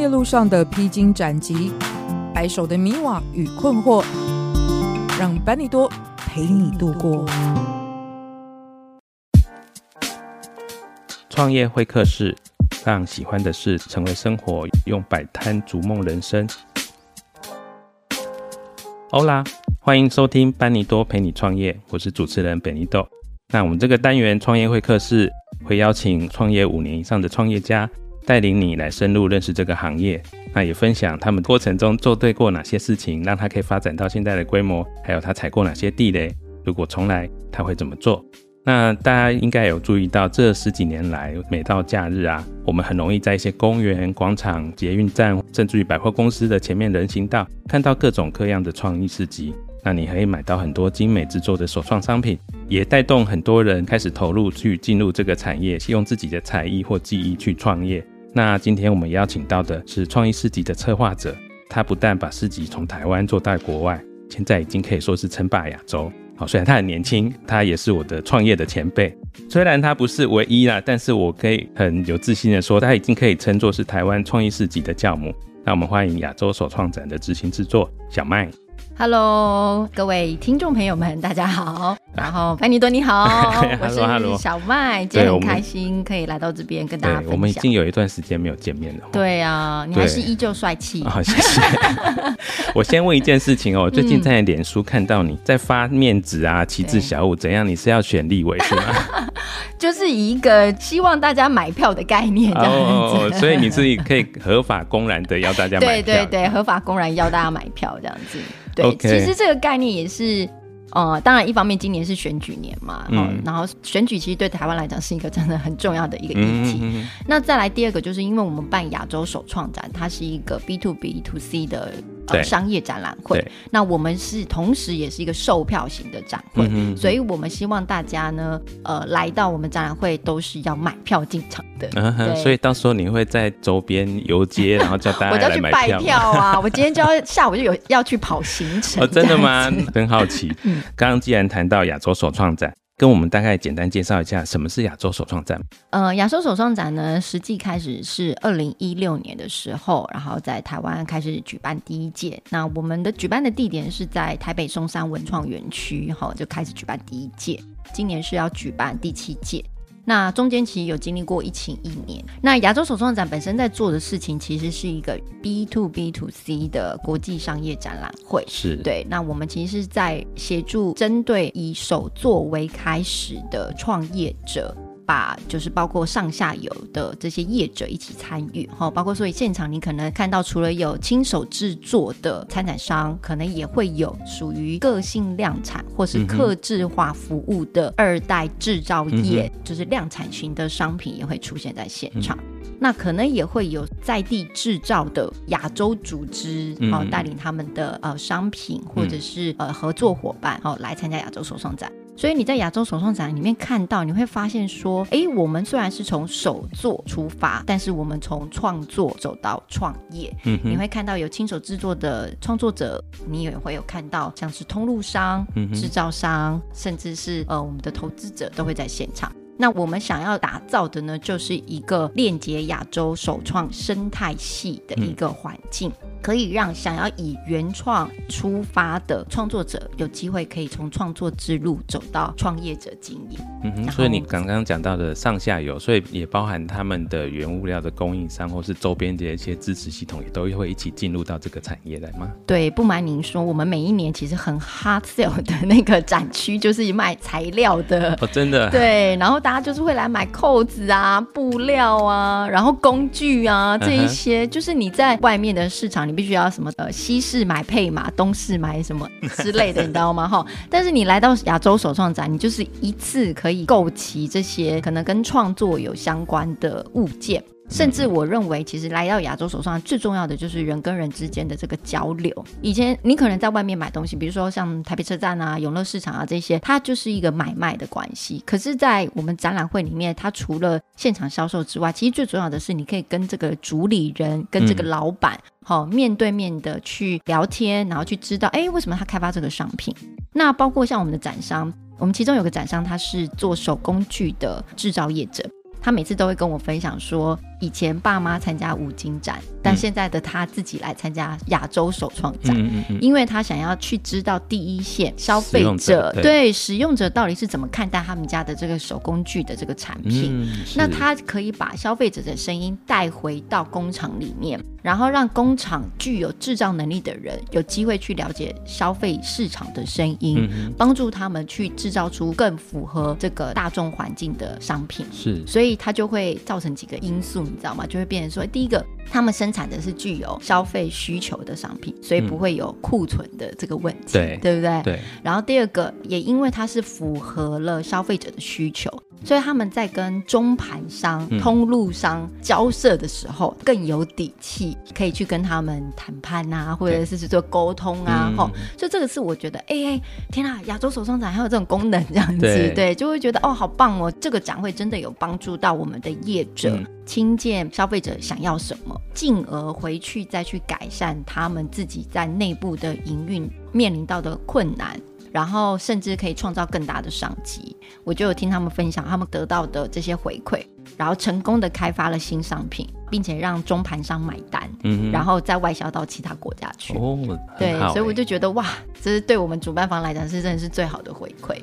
業路上的披荊斬棘，白首的迷惘與困惑，讓班尼多陪你度過。創業會客室，讓喜歡的事成為生活，用擺攤逐夢人生。歐啦，歡迎收聽班尼多陪你創業，我是主持人班尼多。那我們這個單元創業會客室會邀請創業五年以上的創業家。帶領你來深入認識這個行業，那也分享他們過程中做對過哪些事情，讓他可以發展到現在的規模，還有他踩過哪些地雷。如果重來，他會怎麼做？那大家應該有注意到，這十幾年來，每到假日啊，我們很容易在一些公園、廣場、捷運站，甚至於百貨公司的前面人行道，看到各種各樣的創意市集。那你可以買到很多精美製作的手創商品。也帶動很多人開始投入去進入這個產業，用自己的才藝或技藝去創業。那今天我們邀請到的是創意市集的策劃者，他不但把市集從台灣做到國外，現在已經可以說是稱霸亞洲。好，雖然他很年輕，他也是我的創業的前輩。雖然他不是唯一啦，但是我可以很有自信的說，他已經可以稱作是台灣創意市集的教母。那我們歡迎亞洲手創展的執行制作，小麥。Hello，各位聽眾朋友們，大家好。啊、然後班尼多你好， Hello, 我是小麥，今天很開心可以來到這邊跟大家分享我。我們已經有一段時間沒有見面了。對啊，你還是依舊帥氣好、oh, 謝謝。 我先問一件事情哦， 最近在臉書看到你在發面子啊，嗯、旗幟小物怎樣？你是要選立委是嗎？ 就是以一個希望大家買票的概念這樣，哦、oh, oh,，oh, oh, oh, 所以你自己可以合法公然的要大家買票 對。對對對，合法公然要大家買票這樣子。對，Okay. 其實這個概念也是，呃，當然一方面今年是選舉年嘛，嗯，哦、然後選舉其實對台灣來講是一個真的很重要的一個議題。嗯、哼哼。那再來第二個，就是因為我們辦亞洲手創展，它是一個 B to B to C 的。商業展覽會，那我們是同時也是一個售票型的展會，嗯，所以我們希望大家呢，呃，來到我們展覽會都是要買票進場的，嗯哼。所以到時候你會在周邊遊街，然後叫大家來買票， 票啊！ 我今天就要下午就有要去跑行程。哦，真的嗎？ 很好奇。嗯，剛剛既然談到亞洲手創展。跟我們大概簡單介紹一下什麼是亞洲手創展。呃，亞洲手創展呢，實際開始是二零一六年的時候，然後在台灣開始舉辦第一屆。那我們的舉辦的地點是在台北松山文創園區，哈，就開始舉辦第一屆。今年是要舉辦第七屆。那中間其實有經歷過疫情一年。那亞洲手創展本身在做的事情，其實是一個 B to B to C 的國際商業展覽會，是對。那我們其實是在協助針對以手作為開始的創業者。把就是包括上下游的這些業者一起參與哈，包括所以現場你可能看到除了有親手制作的參展商，可能也會有屬於個性量產或是客製化服務的二代制造業，嗯，就是量產型的商品也會出現在現場。嗯、那可能也會有在地制造的亞洲組織哦，帶、嗯、領他們的呃商品或者是呃合作伙伴哦來參加亞洲手創展。所以你在亞洲手創展裡面看到，你會發現說，哎、欸，我們雖然是從手作出發，但是我們從創作走到創業，嗯，你會看到有親手制作的創作者，你也會有看到像是通路商，製、嗯、造商，甚至是呃我們的投資者都會在現場。那我們想要打造的呢，就是一個鏈接亞洲手創生態系的一個環境。嗯可以讓想要以原創出發的創作者有機會可以從創作之路走到創業者經營。嗯哼，所以你剛剛講到的上下游，所以也包含他們的原物料的供應商或是周邊的一些支持系統，也都會一起進入到這個產業來嗎？對，不瞞您說，我們每一年其實很 hard sell 的那個展區就是賣材料的哦，真的。對，然後大家就是會來買扣子啊、布料啊、然後工具啊這一些、嗯，就是你在外面的市場。你必須要什麼的西市買配馬，東市買什麼之類的，你知道嗎？哈， 但是你來到亞洲手創展，你就是一次可以購齊這些可能跟創作有相關的物件。甚至我認為，其實來到亞洲手創展最重要的就是人跟人之間的這個交流。以前你可能在外面買東西，比如說像台北車站啊、永樂市場啊這些，它就是一個買賣的關係。可是，在我們展覽會裡面，它除了現場銷售之外，其實最重要的是你可以跟這個主理人、跟這個老闆，好、嗯、面對面的去聊天，然後去知道，哎、欸，為什麼他開發這個商品？那包括像我們的展商，我們其中有個展商他是做手工具的制造業者，他每次都會跟我分享說，以前爸媽參加五金展，但現在的他自己來參加亞洲手創展，嗯、因為他想要去知道第一線消費者、使用者對，對使用者到底是怎麼看待他們家的這個手工具的這個產品，嗯。那他可以把消費者的聲音帶回到工廠裡面，然後讓工廠具有制造能力的人有機會去了解消費市場的聲音，嗯、幫助他們去制造出更符合這個大眾環境的商品。是，所以他就會造成幾個因素。你知道嗎？就會變成說，第一個，他們生產的是具有消費需求的商品，所以不會有庫存的這個問題，嗯、對不對？對。然後第二個，也因為它是符合了消費者的需求。所以他們在跟中盤商、嗯、通路商交涉的時候更有底氣，可以去跟他們談判啊，或者是去做溝通啊。齁、嗯，所以這個是我覺得，哎、欸、哎，天啊，亞洲手創展還有這種功能，這樣子。對，對，就會覺得哦，好棒哦，這個展會真的有幫助到我們的業者，聽、嗯、見消費者想要什麼，進而回去再去改善他們自己在內部的營運面臨到的困難。然後甚至可以創造更大的商機。我就有聽他們分享，他們得到的這些回饋，然後成功的開發了新商品，並且讓中盤商買單，嗯，然後再外銷到其他國家去。哦，對，欸、所以我就覺得哇，這是對我們主辦方來講是真的是最好的回饋。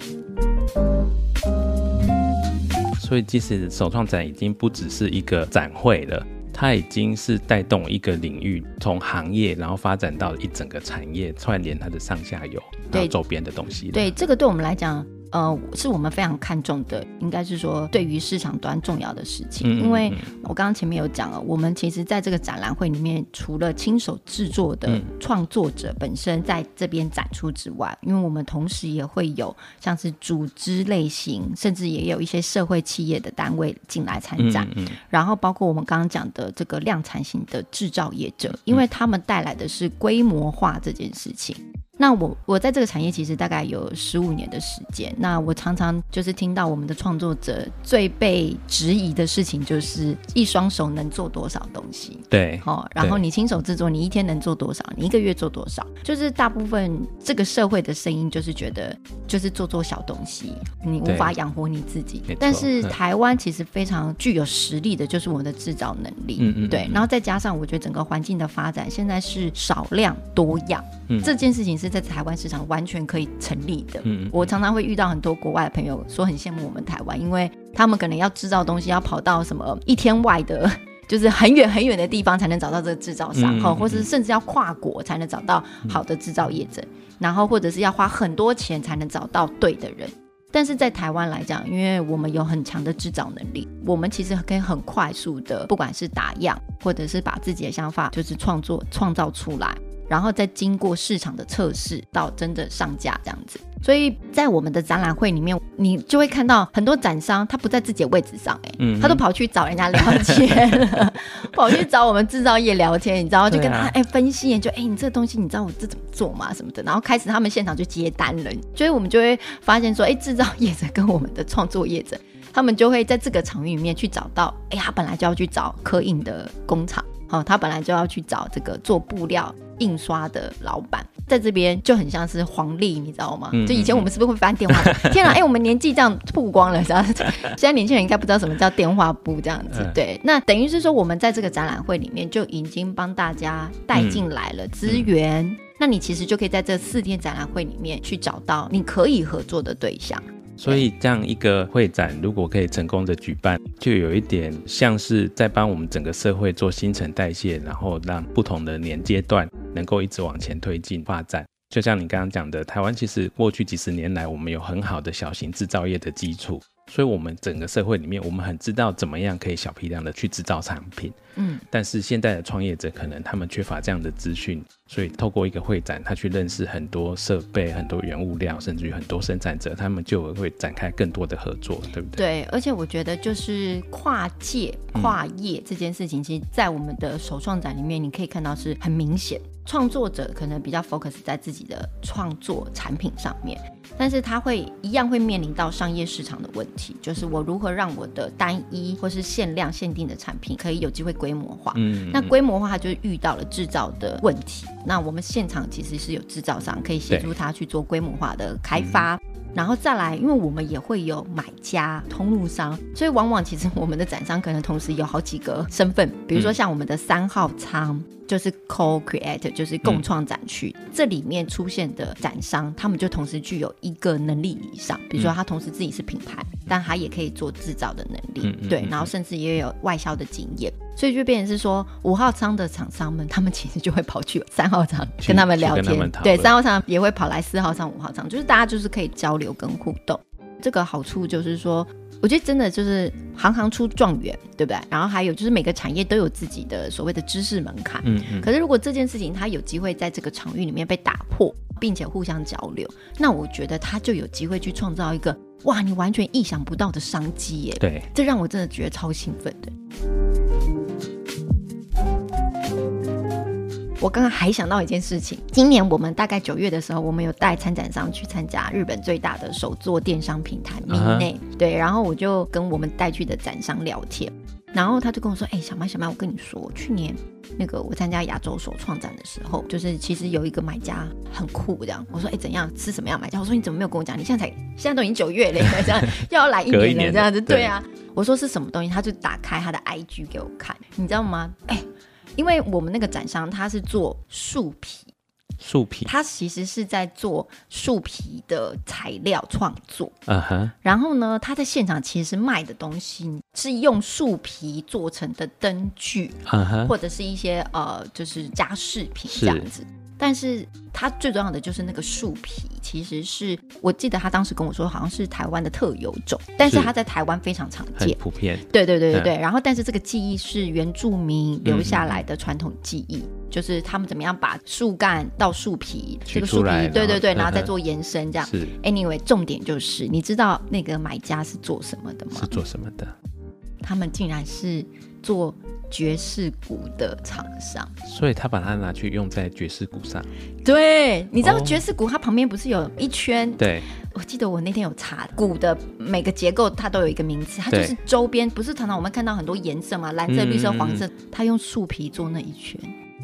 所以，即使手創展已經不只是一個展會了。它已經是帶動一個領域，從行業，然後發展到一整個產業，串聯它的上下游，對周邊的東西了。對，對這個，對我們來講。呃，是我們非常看重的，應該是說對於市場端重要的事情。嗯嗯嗯。因為，我剛剛前面有講了，我們其實在這個展覽會裡面，除了親手製作的創作者本身在這邊展出之外，嗯，因為我們同時也會有像是組織類型，甚至也有一些社會企業的單位進來參展，嗯嗯。然後，包括我們剛剛講的這個量產型的製造業者，因為他們帶來的是規模化這件事情。那我我在這個產業其實大概有十五年的時間。那我常常就是聽到我們的創作者最被質疑的事情，就是一雙手能做多少東西？對，哦，然後你親手制作，你一天能做多少？你一個月做多少？就是大部分這個社會的聲音就是覺得，就是做做小東西，你無法養活你自己。但是台灣其實非常具有實力的，就是我們的製造能力。嗯，嗯嗯，對。然後再加上我覺得整個環境的發展，現在是少量多樣，嗯。這件事情是。在台灣市場完全可以成立的。嗯，我常常會遇到很多國外的朋友說很羨慕我們台灣，因為他們可能要製造東西，要跑到什麼一天外的，就是很遠很遠的地方才能找到這個製造商，哈，或是甚至要跨國才能找到好的製造業者，然後或者是要花很多錢才能找到對的人。但是在台灣來講，因為我們有很強的製造能力，我們其實可以很快速的，不管是打樣，或者是把自己的想法就是創作創造出來。然後再經過市場的測試，到真正上架這樣子，所以在我們的展覽會裡面，你就會看到很多展商，他不在自己的位置上，嗯，他都跑去找人家聊天，嗯嗯、 跑去找我們製造業聊天，你知道，就跟他、欸、分析欸就欸，哎，你這個東西，你知道我這怎麼做嗎？什麼的，然後開始他們現場就接單了，所以我們就會發現說，哎，製造業者跟我們的創作業者，他們就會在這個場域裡面去找到，哎呀，本來就要去找刻印的工廠，哦，他本來就要去找這個做布料，印刷的老闆在這邊就很像是黃曆，你知道嗎、嗯？就以前我們是不是會翻電話、嗯嗯？天哪，哎、欸，我們年紀這樣曝光了， 這樣子現在年輕人應該不知道什麼叫電話簿這樣子，嗯、對。那等於是說，我們在這個展覽會裡面就已經幫大家帶進來了資源、嗯嗯，那你其實就可以在這四天展覽會裡面去找到你可以合作的對象，對。所以這樣一個會展，如果可以成功的舉辦，就有一點像是在幫我們整個社會做新陳代謝，然後讓不同的年階段。能夠一直往前推進發展，就像你剛剛講的，台灣其實過去幾十年來，我們有很好的小型製造業的基礎。所以，我們整個社會裡面，我們很知道怎麼樣可以小批量的去製造產品，嗯，但是現在的創業者可能他們缺乏這樣的資訊，所以透過一個會展，他去認識很多設備、很多原物料，甚至於很多生產者，他們就會展開更多的合作，對不對？對，而且我覺得就是跨界、跨業這件事情，其實在我們的手創展裡面，你可以看到是很明顯。創作者可能比較 focus 在自己的創作產品上面。但是它會一樣會面臨到商業市場的問題，就是我如何讓我的單一或是限量限定的產品可以有機會規模化。嗯，嗯，那規模化就是遇到了製造的問題。那我們現場其實是有製造商可以協助他去做規模化的開發。然後再來，因為我們也會有買家、通路商，所以往往其實我們的展商可能同時有好幾個身份，比如說像我們的三號倉。嗯就是 co-create 就是共創展區，嗯，這裡面出現的展商，他們就同時具有一個能力以上，比如說他同時自己是品牌，嗯，但他也可以做製造的能力，嗯，對，然後甚至也有外銷的經驗，嗯嗯，所以就變成是說五號倉的廠商們，他們其實就會跑去三號倉跟他們聊天，對，三號倉也會跑來四號倉，五號倉，就是大家就是可以交流跟互動，這個好處就是說。我覺得真的就是行行出狀元，對不對？然後還有就是每個產業都有自己的所謂的知識門檻。嗯，嗯。可是如果這件事情它有機會在這個場域裡面被打破，並且互相交流，那我覺得他就有機會去創造一個哇，你完全意想不到的商機耶！對，這讓我真的覺得超興奮的。我剛剛還想到一件事情，今年我們大概九月的時候，我們有帶參展商去參加日本最大的手作電商平台米內。Uh -huh. 對，然後我就跟我們帶去的展商聊天，然後他就跟我說：“哎、欸，小麥小麥,小麥，我跟你說，去年那個我參加亞洲手創展的時候，就是其實有一個買家很酷，這樣。我說：“哎、欸，怎樣？是什麼樣的買家？”我說：“你怎麼沒有跟我講？你現在才現在都已經九月了， 這樣要來一年了， 年了這樣子。對啊”對啊，我說是什麼東西？他就打開他的 IG 給我看，你知道嗎？欸因為我們那個展商他是做樹皮，樹皮，他其實是在做樹皮的材料創作，嗯哼。然後呢，他在現場其實賣的東西是用樹皮做成的燈具，嗯哼，或者是一些呃就是家飾品這樣子。是。但是它最重要的就是那個樹皮。其實是我記得他當時跟我說，好像是台灣的特有種，但是他在台灣非常常見，普遍。對對對對，對、嗯、然後，但是這個技藝是原住民留下來的傳統技藝，嗯，就是他們怎麼樣把樹幹到樹皮，這個樹皮，對對對，然後，然後再做延伸這樣。嗯。是。Anyway，重點就是你知道那個買家是做什麼的嗎？是做什麼的？他們竟然是。做爵士鼓的廠商，所以他把它拿去用在爵士鼓上。對，你知道爵士鼓它旁邊不是有一圈，哦？對，我記得我那天有查鼓的每個結構，它都有一個名字，它就是周邊，不是常常我們看到很多顏色嘛，藍色嗯嗯嗯、綠色、黃色，它用樹皮做那一圈。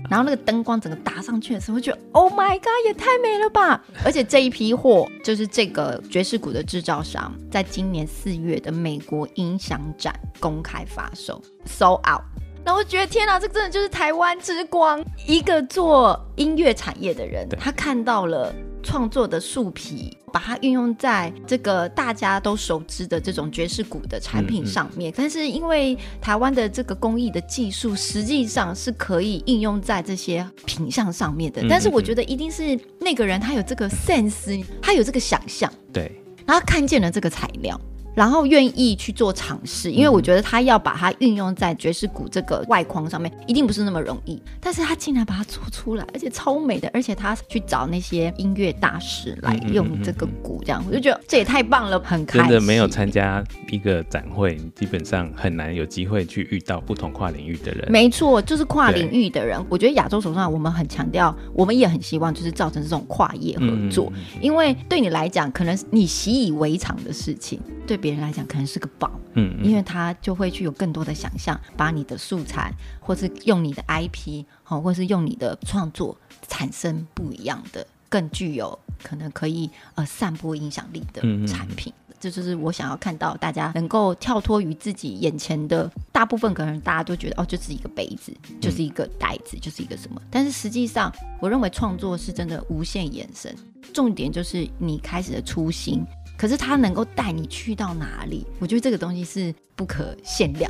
然後那個燈光整個打上去的時候，我覺得 Oh my God，也太美了吧！而且這一批貨就是這個爵士鼓的制造商，在今年四月的美國音響展公開發售，Sold out。然後我覺得天哪，這個真的就是台灣之光！一個做音樂產業的人，他看到了。創作的樹皮，把它運用在這個大家都熟知的這種爵士鼓的產品上面。嗯嗯。但是因為台灣的這個工藝的技術，實際上是可以應用在這些品項上面的，嗯嗯嗯。但是我覺得一定是那個人他有這個 sense，他有這個想象，對，然後看見了這個材料。然後願意去做嘗試，因為我覺得他要把它運用在爵士鼓這個外框上面、嗯，一定不是那麼容易。但是他竟然把它做出來，而且超美的，而且他去找那些音樂大師來用這個鼓，這樣、嗯嗯嗯、我就覺得這也太棒了，很開心、欸。真的沒有參加一個展會，基本上很難有機會去遇到不同跨領域的人。沒錯，就是跨領域的人。我覺得亞洲手創我們很強調，我們也很希望就是造成這種跨業合作、嗯，因為對你來講，可能你習以為常的事情。對別人來講，可能是個寶，嗯，嗯，因為他就會去有更多的想象，把你的素材，或是用你的 IP，好、哦，或是用你的創作，產生不一樣的、更具有可能可以呃，散播影響力的產品嗯嗯。這就是我想要看到大家能夠跳脫於自己眼前的大部分，可能大家都覺得哦，就是一個杯子，就是一個帶子嗯，就是一個袋子，就是一個什麼。但是實際上，我認為創作是真的無限延伸。重點就是你開始的初心。可是他能夠帶你去到哪裡？我覺得這個東西是不可限量。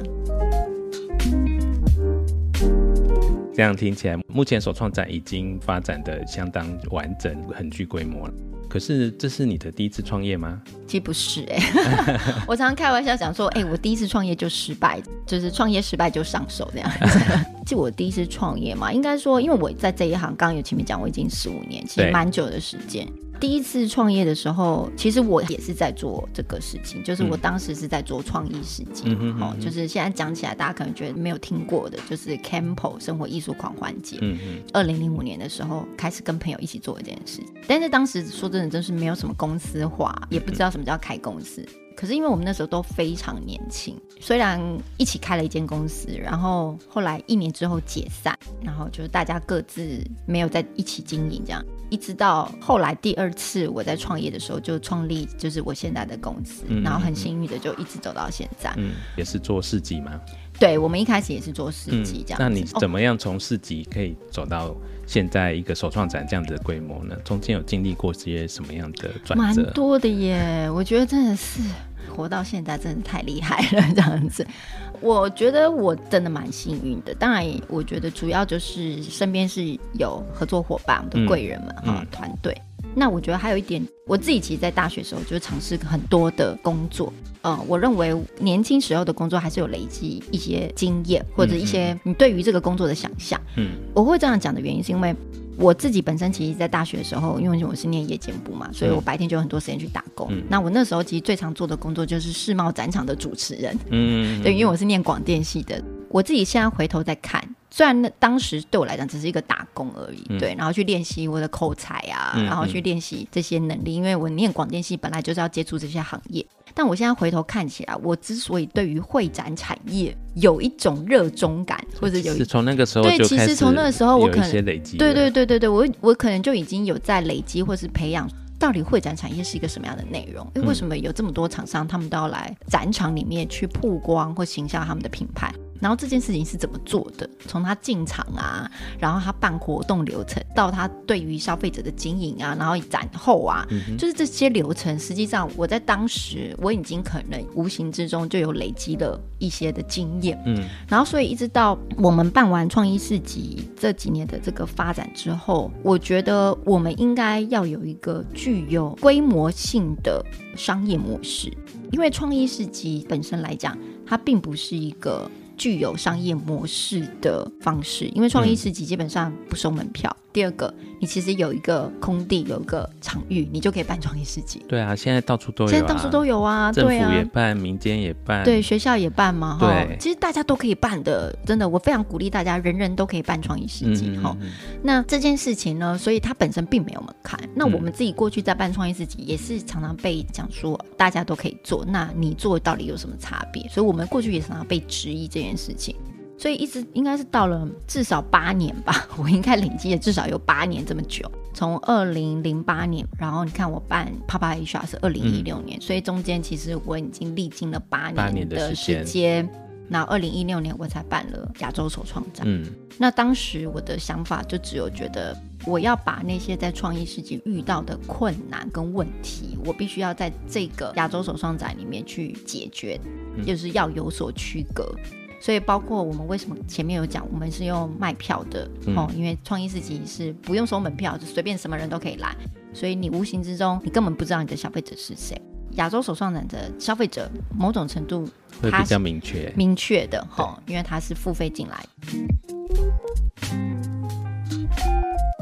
這樣聽起來，目前手創展已經發展的相當完整，很具規模了。可是這是你的第一次創業嗎？其實不是哎、欸， 我常常開玩笑講說，哎、 欸，我第一次創業就失敗，就是創業失敗就上手這樣就 我第一次創業嘛，應該說，因為我在這一行，剛剛有前面講，我已經十五年，其實蠻久的時間。第一次創業的時候，其實我也是在做這個事情，就是我當時是在做創意事情，哈、嗯哦，就是現在講起來大家可能覺得沒有聽過的，就是 Campo 生活藝術狂歡節，嗯，二零零五年的時候開始跟朋友一起做一件事，但是當時說真的，真是沒有什麼公司化，也不知道什麼叫開公司。可是因為我們那時候都非常年輕，雖然一起開了一間公司，然後後來一年之後解散，然後就是大家各自沒有在一起經營這樣，一直到後來第二次我在創業的時候就創立就是我現在的公司，嗯嗯嗯然後很幸運的就一直走到現在，嗯，也是做市集嘛？對我們一開始也是做市集這樣子、嗯，那你怎麼樣從市集可以走到現在一個手創展這樣子的規模呢？哦、中間有經歷過些什麼樣的轉折？蠻多的耶，我覺得真的是活到現在真的太厲害了，這樣子。我覺得我真的蠻幸運的，當然我覺得主要就是身邊是有合作伙伴的貴人們哈，團、嗯、隊。嗯哦那我覺得還有一點，我自己其實，在大學時候就嘗試很多的工作。嗯、呃，我認為年輕時候的工作還是有累積一些經驗，或者一些你對於這個工作的想象。嗯，嗯，我會這樣講的原因，是因為我自己本身其實，在大學的時候，因為我是念夜間部嘛，所以我白天就有很多時間去打工、嗯。那我那時候其實最常做的工作就是世貿展場的主持人。嗯，嗯，嗯， 對，因為我是念廣電系的，我自己現在回頭再看。雖然那當時對我來講只是一個打工而已，嗯、對，然後去練習我的口才啊，嗯、然後去練習這些能力，嗯、因為我念廣電系本來就是要接觸這些行業。但我現在回頭看起來，我之所以對於會展產業有一種熱衷感，或者有對，其實從那個時候我可能有一些累積，對,對對對對對，我我可能就已經有在累積或是培養，到底會展產業是一個什麼樣的內容？因為,為什麼有這麼多廠商他們都要來展場裡面去曝光或行銷他們的品牌？然後這件事情是怎麼做的？從他進場啊，然後他辦活動流程，到他對於消費者的經營啊，然後展後啊、嗯，就是這些流程。實際上，我在當時我已經可能無形之中就有累積了一些的經驗。嗯，然後所以一直到我們辦完創意市集這幾年的這個發展之後，我覺得我們應該要有一個具有規模性的商業模式，因為創意市集本身來講，它並不是一個。具有商業模式的方式，因為創意市集基本上不收門票。嗯第二個，你其實有一個空地，有一個場域，你就可以辦創意市集。對啊，現在到處都有、啊。現在到處都有啊，政府也辦，啊、民間也辦，對，學校也辦嘛，哈。其實大家都可以辦的，真的，我非常鼓勵大家，人人都可以辦創意市集，哈、嗯嗯嗯。那這件事情呢，所以它本身並沒有門檻。那我們自己過去在辦創意市集，也是常常被講說大家都可以做，那你做到底有什麼差別？所以我們過去也常常被質疑這件事情。所以一直應該是到了至少八年吧，我應該累積至少有八年這麼久。從二零零八年，然後你看我辦 Pop Up Asia 是二零一六年，嗯，所以中間其實我已經歷經了年八年的時間。那二零一六年我才辦了亞洲手創展。嗯，那當時我的想法就只有覺得，我要把那些在創意世界遇到的困難跟問題，我必須要在這個亞洲手創展裡面去解決，嗯、就是要有所區隔。所以，包括我們為什麼前面有講，我們是用賣票的，哦，嗯，因為創意市集是不用收門票，就隨便什麼人都可以來，所以你無形之中，你根本不知道你的消費者是誰。亞洲手創展的消費者，某種程度會比較明確，明確的，因為他是付費進來。嗯，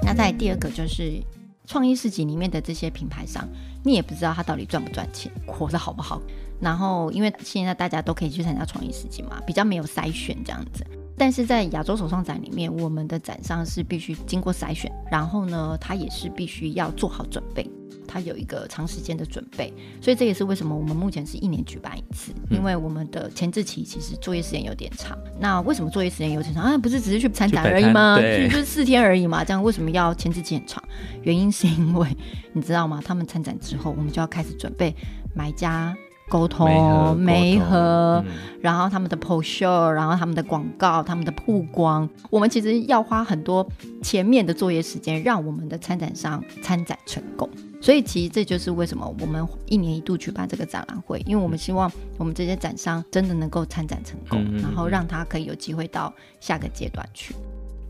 那在第二個就是創意市集裡面的這些品牌商，你也不知道他到底賺不賺錢，活得好不好。然後，因為現在大家都可以去參加創意市集嘛，比較沒有篩選這樣子。但是在亞洲手創展裡面，我們的展商是必須經過篩選，然後呢，他也是必須要做好準備，他有一個長時間的準備。所以這也是為什麼我們目前是一年舉辦一次，嗯，因為我們的前置期其實作業時間有點長。那為什麼作業時間有點長啊？不是只是去參展而已嗎？就是四天而已嘛，這樣為什麼要前置期很長？原因是因為你知道嗎？他們參展之後，我們就要開始準備買家。溝通，媒合,媒合、嗯，然後他們的 post show，然後他們的廣告，他們的曝光，我們其實要花很多前面的作業時間，讓我們的參展商參展成功。所以其實這就是為什麼我們一年一度舉辦這個展覽會，因為我們希望我們這些展商真的能夠參展成功，嗯嗯嗯嗯，然後讓他可以有機會到下個階段去。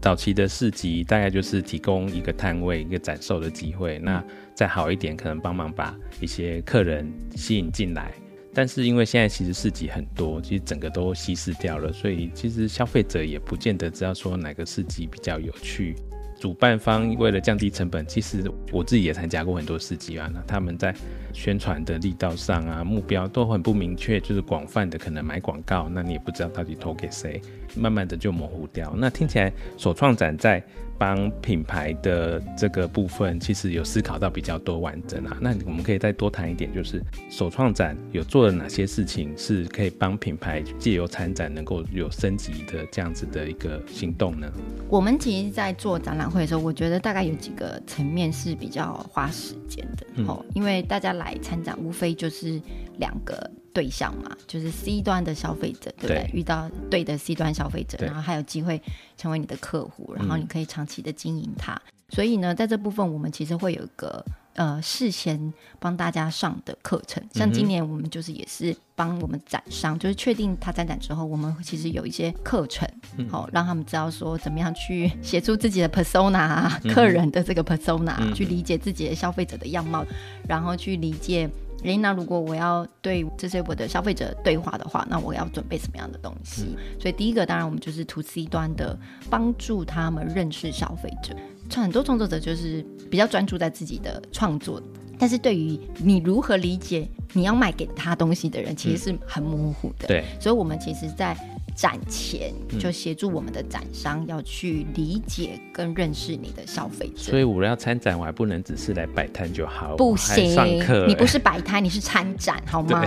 早期的市集大概就是提供一個攤位、一個展售的機會，那再好一點，可能幫忙把一些客人吸引進來。但是因為現在其實市集很多，其實整個都稀釋掉了，所以其實消費者也不見得知道說哪個市集比較有趣。主辦方為了降低成本，其實我自己也參加過很多市集啊，那他們在宣傳的力道上啊，目標都很不明確，就是廣泛的可能買廣告，那你也不知道到底投給誰，慢慢的就模糊掉。那聽起來，手創展在。幫品牌的這個部分，其實有思考到比較多完整啊。那我們可以再多談一點，就是手創展有做了哪些事情，是可以幫品牌借由參展能夠有升級的這樣子的一個行動呢？我們其實，在做展覽會的時候，我覺得大概有幾個層面是比較花時間的哦、嗯。因為大家來參展，無非就是兩個。對象嘛，就是 C 端的消費者，對不對？對，遇到對的 C 端消費者，然後還有機會成為你的客戶，然後你可以長期的經營他。嗯、所以呢，在這部分，我們其實會有一個呃，事先幫大家上的課程。像今年，我們就是也是幫我們展商、嗯，就是確定他展展之後，我們其實有一些課程，好、嗯哦、讓他們知道說怎麼樣去寫出自己的 persona，、嗯、客人的這個 persona，、嗯、去理解自己的消費者的樣貌，然後去理解。那如果我要對這些我的消費者對話的話，那我要準備什麼樣的東西？嗯、所以第一個，當然我們就是 to C 端的幫助他們認識消費者。很多創作者就是比較專注在自己的創作，但是對於你如何理解你要賣給他東西的人，其實是很模糊的、嗯。對，所以我們其實，在。展前就協助我們的展商，要去理解跟認識你的消費者、嗯，所以我要參展，我還不能只是來擺攤就好，不行。欸、你不是擺攤，你是參展，好嗎？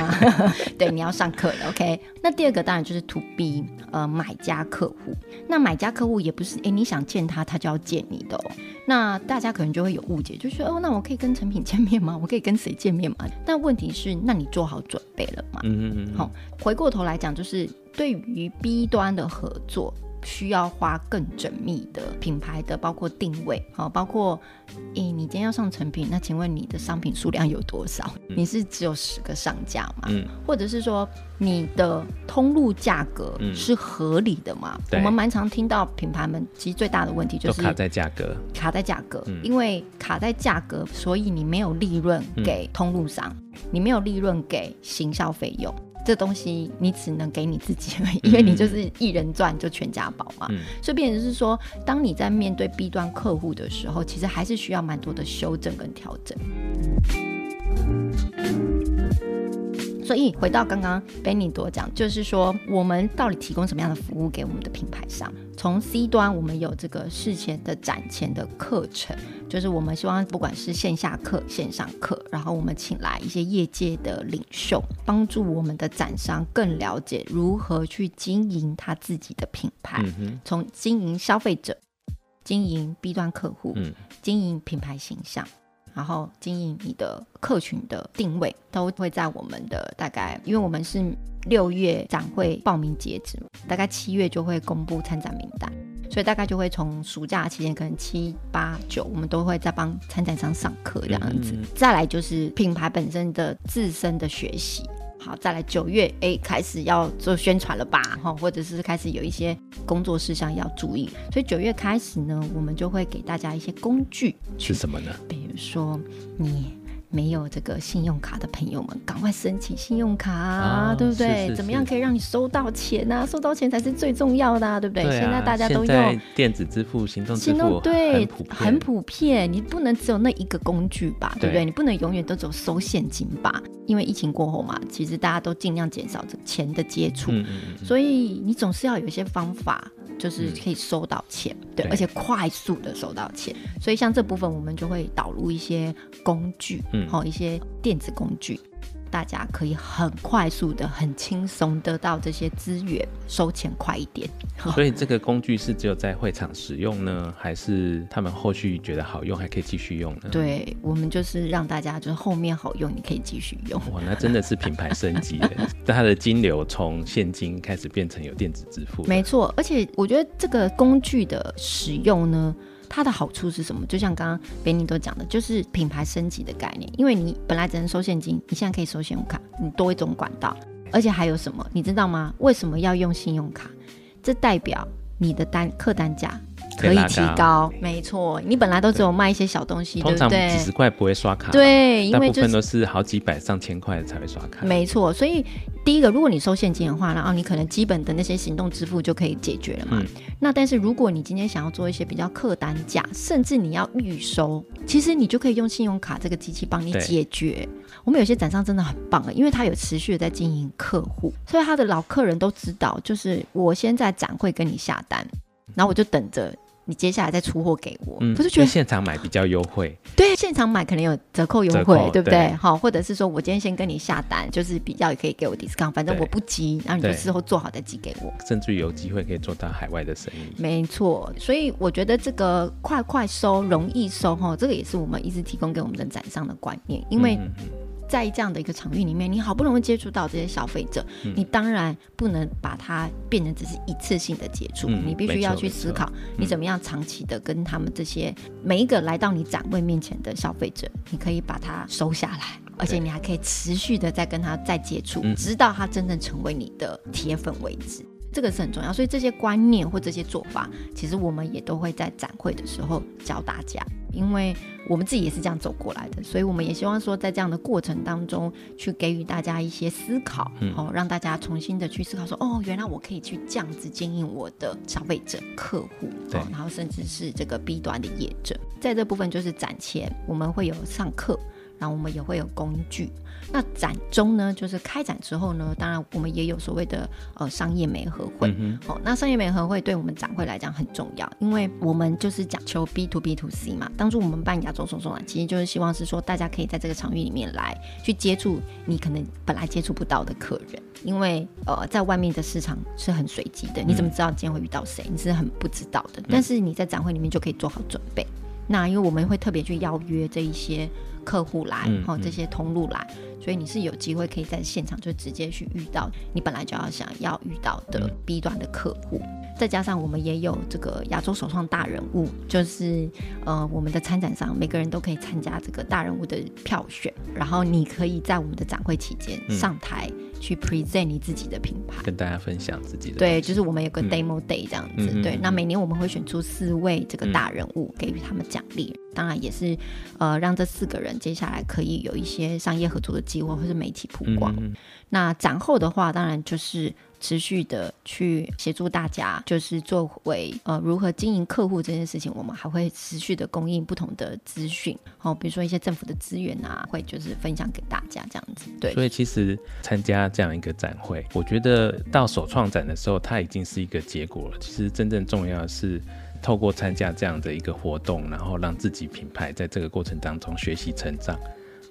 對， 對你要上課的。OK，那第二個當然就是 To B，呃，買家客戶。那買家客戶也不是，哎、欸，你想見他，他就要見你的、喔。那大家可能就會有誤解，就說，哦，那我可以跟成品見面嗎？我可以跟誰見面嗎？但問題是，那你做好準備了嗎？嗯哼嗯嗯。好、哦，回過頭來講，就是。對於 B 端的合作，需要花更縝密的品牌的包括定位，包括誒，你今天要上成品，那請問你的商品數量有多少？嗯，你是只有十個上架嗎？嗯，或者是說你的通路價格是合理的嗎？嗯，我們蠻常聽到品牌們其實最大的問題就是卡在價格，卡在價格，嗯，因為卡在價格，所以你沒有利潤給通路商，嗯，你沒有利潤給行銷費用。這東西你只能給你自己了，因為你就是一人賺就全家飽嘛、嗯。所以，變成是說，當你在面對 B 端客戶的時候，其實還是需要蠻多的修正跟調整。所以回到剛剛 Benito 講，就是說我們到底提供什麼樣的服務給我們的品牌商？從 C 端，我們有這個事前的展前的課程，就是我們希望不管是線下課、線上課，然後我們請來一些業界的領袖，幫助我們的展商更了解如何去經營他自己的品牌，從經營消費者、經營 B 端客戶、經營品牌形象。然後經營你的客群的定位，都會在我們的大概，因為我們是六月展會報名截止，大概七月就會公布參展名單，所以大概就會從暑假期間，可能七八九，我們都會在幫參展商上課這樣子。嗯嗯、再來就是品牌本身的自身的學習。好，再來九月，哎、欸，開始要做宣傳了吧？哈，或者是開始有一些工作事項要注意。所以九月開始呢，我們就會給大家一些工具，是什麼呢？比如說你沒有這個信用卡的朋友們，趕快申請信用卡、啊哦，對不對？是是是怎麼樣可以讓你收到錢呢、啊哦？收到錢才是最重要的、啊，對不對，對、啊？現在大家都用電子支付、行動行動，對，很，很普遍。你不能只有那一個工具吧，對不對？對，你不能永遠都走收現金吧？因為疫情過後嘛，其實大家都盡量減少這錢的接觸，嗯嗯嗯嗯，所以你總是要有一些方法。就是可以收到錢，嗯，對，而且快速的收到錢，所以像這部分，我們就會導入一些工具，嗯，好，一些電子工具。大家可以很快速的、很輕鬆得到這些資源，收錢快一點。所以這個工具是只有在會場使用呢，還是他們後續覺得好用還可以繼續用呢？對，我們就是讓大家就是後面好用，你可以繼續用。哇，那真的是品牌升級了， 但它的金流從現金開始變成有電子支付。沒錯，而且我覺得這個工具的使用呢，它的好處是什麼？就像剛剛 Benito 都講的，就是品牌升級的概念。因為你本來只能收現金，你現在可以收信用卡，你多一種管道。而且還有什麼，你知道嗎？為什麼要用信用卡？這代表你的單客單價。可以提高，可以拉高，沒錯。你本來都只有賣一些小東西，對、對不對？通常幾十塊不會刷卡，對，因為、就是、大部分都是好幾百、上千塊才會刷卡。沒錯，所以第一個，如果你收現金的話，然後你可能基本的那些行動支付就可以解決了嘛、嗯。那但是如果你今天想要做一些比較客單價，甚至你要預收，其實你就可以用信用卡這個機器幫你解決。我們有些展商真的很棒啊，因為他有持續的在經營客戶，所以他的老客人都知道，就是我先在展會跟你下單，嗯、然後我就等着。你接下來再出貨給我，不、嗯、是覺得現場買比較優惠。對，現場買可能有折扣優惠扣，對不對？好、哦，或者是說我今天先跟你下單，就是比較也可以給我 discount，反正我不急，然後你就事後做好再寄給我。甚至有機會可以做到海外的生意，嗯、沒錯。所以我覺得這個快快收、容易收哈、哦，這個也是我們一直提供給我們的展商的觀念，因為嗯嗯嗯。在這樣的一個場域裡面，你好不容易接觸到這些消費者、嗯，你當然不能把它變成只是一次性的接觸，嗯、你必須要去思考，你怎麼樣長期的跟他們這些每一個來到你展位面前的消費者，嗯、你可以把它收下來，Okay. 而且你還可以持續的再跟他再接觸，嗯、直到他真正成為你的鐵粉為止，這個是很重要。所以這些觀念或這些做法，其實我們也都會在展會的時候教大家。因為我們自己也是這樣走過來的，所以我們也希望說，在這樣的過程當中，去給予大家一些思考、嗯，哦，讓大家重新的去思考，說，哦，原來我可以去這樣子經營我的消費者、客戶，對，哦、然後甚至是這個 B 端的業者，在這部分就是展前，我們會有上課，然後我們也會有工具。那展中呢，就是開展之後呢，當然我們也有所謂的呃商業媒合會，好、嗯哦，那商業媒合會對我們展會來講很重要，因為我們就是講求 B to B to C 嘛。當初我們辦亞洲手創啊，其實就是希望是說大家可以在這個場域裡面來去接觸你可能本來接觸不到的客人，因為呃在外面的市場是很隨機的、嗯，你怎麼知道今天會遇到誰？你是很不知道的、嗯。但是你在展會裡面就可以做好準備。那因為我們會特別去邀約這一些客戶來，好、嗯嗯哦、這些通路來。所以你是有機會可以在現場就直接去遇到你本來就要想要遇到的 B 端的客戶。再加上我們也有這個亞洲手創大人物，就是呃我們的參展商，每個人都可以參加這個大人物的票選，然後你可以在我們的展會期間上台去 present 你自己的品牌，嗯、跟大家分享自己的。對，就是我們有個 demo day 這樣子，嗯、對、嗯。那每年我們會選出四位這個大人物給予他們獎勵，嗯、當然也是呃讓這四個人接下來可以有一些商業合作的機會、嗯、或者是媒體曝光、嗯。那展後的話，當然就是。持續的去協助大家，就是作為呃如何經營客戶這件事情，我們還會持續的供應不同的資訊，好，比如說一些政府的資源啊，會就是分享給大家這樣子。對，所以其實參加這樣一個展會，我覺得到手創展的時候，它已經是一個結果了。其實真正重要的是透過參加這樣的一個活動，然後讓自己品牌在這個過程當中學習成長。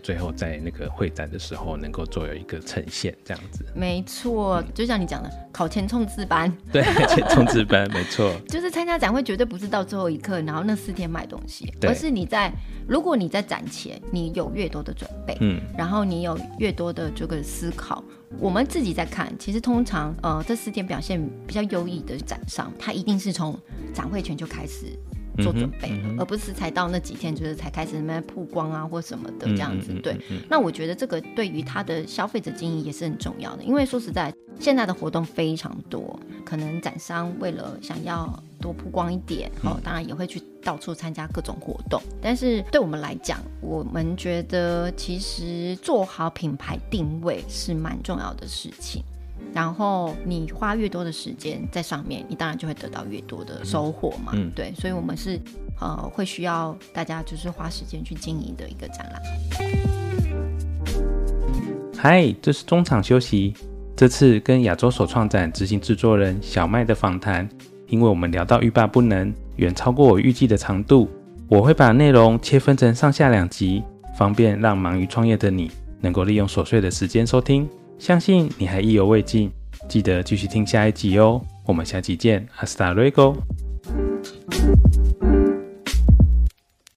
最後在那個會展的時候，能夠做有一個呈現，這樣子。沒錯，就像你講的、嗯，考前衝刺班。對，前衝刺班， 沒錯。就是參加展會，絕對不是到最後一刻，然後那四天賣東西。對。而是你在，如果你在展前，你有越多的準備，嗯，然後你有越多的這個思考。我們自己在看，其實通常，呃，這四天表現比較優異的展商，他一定是從展會前就開始。做準備了。嗯嗯，而不是才到那幾天，就是才開始慢慢曝光啊，或什麼的這樣子。對，嗯嗯，那我覺得這個對於他的消費者經營也是很重要的。因為說實在，現在的活動非常多，可能展商為了想要多曝光一點，哦，當然也會去到處參加各種活動。嗯。但是對我們來講，我們覺得其實做好品牌定位是蠻重要的事情。然後你花越多的時間在上面，你當然就會得到越多的收穫嘛。嗯嗯、對，所以我們是呃會需要大家就是花時間去經營的一個展覽。嗨，這是中場休息。這次跟亞洲手創展執行製作人小麥的訪談，因為我們聊到欲罷不能，遠超過我預計的長度，我會把內容切分成上下兩集，方便讓忙於創業的你能夠利用瑣碎的時間收聽。相信你還意猶未盡，記得繼續聽下一集哦。我們下集見，Hasta luego。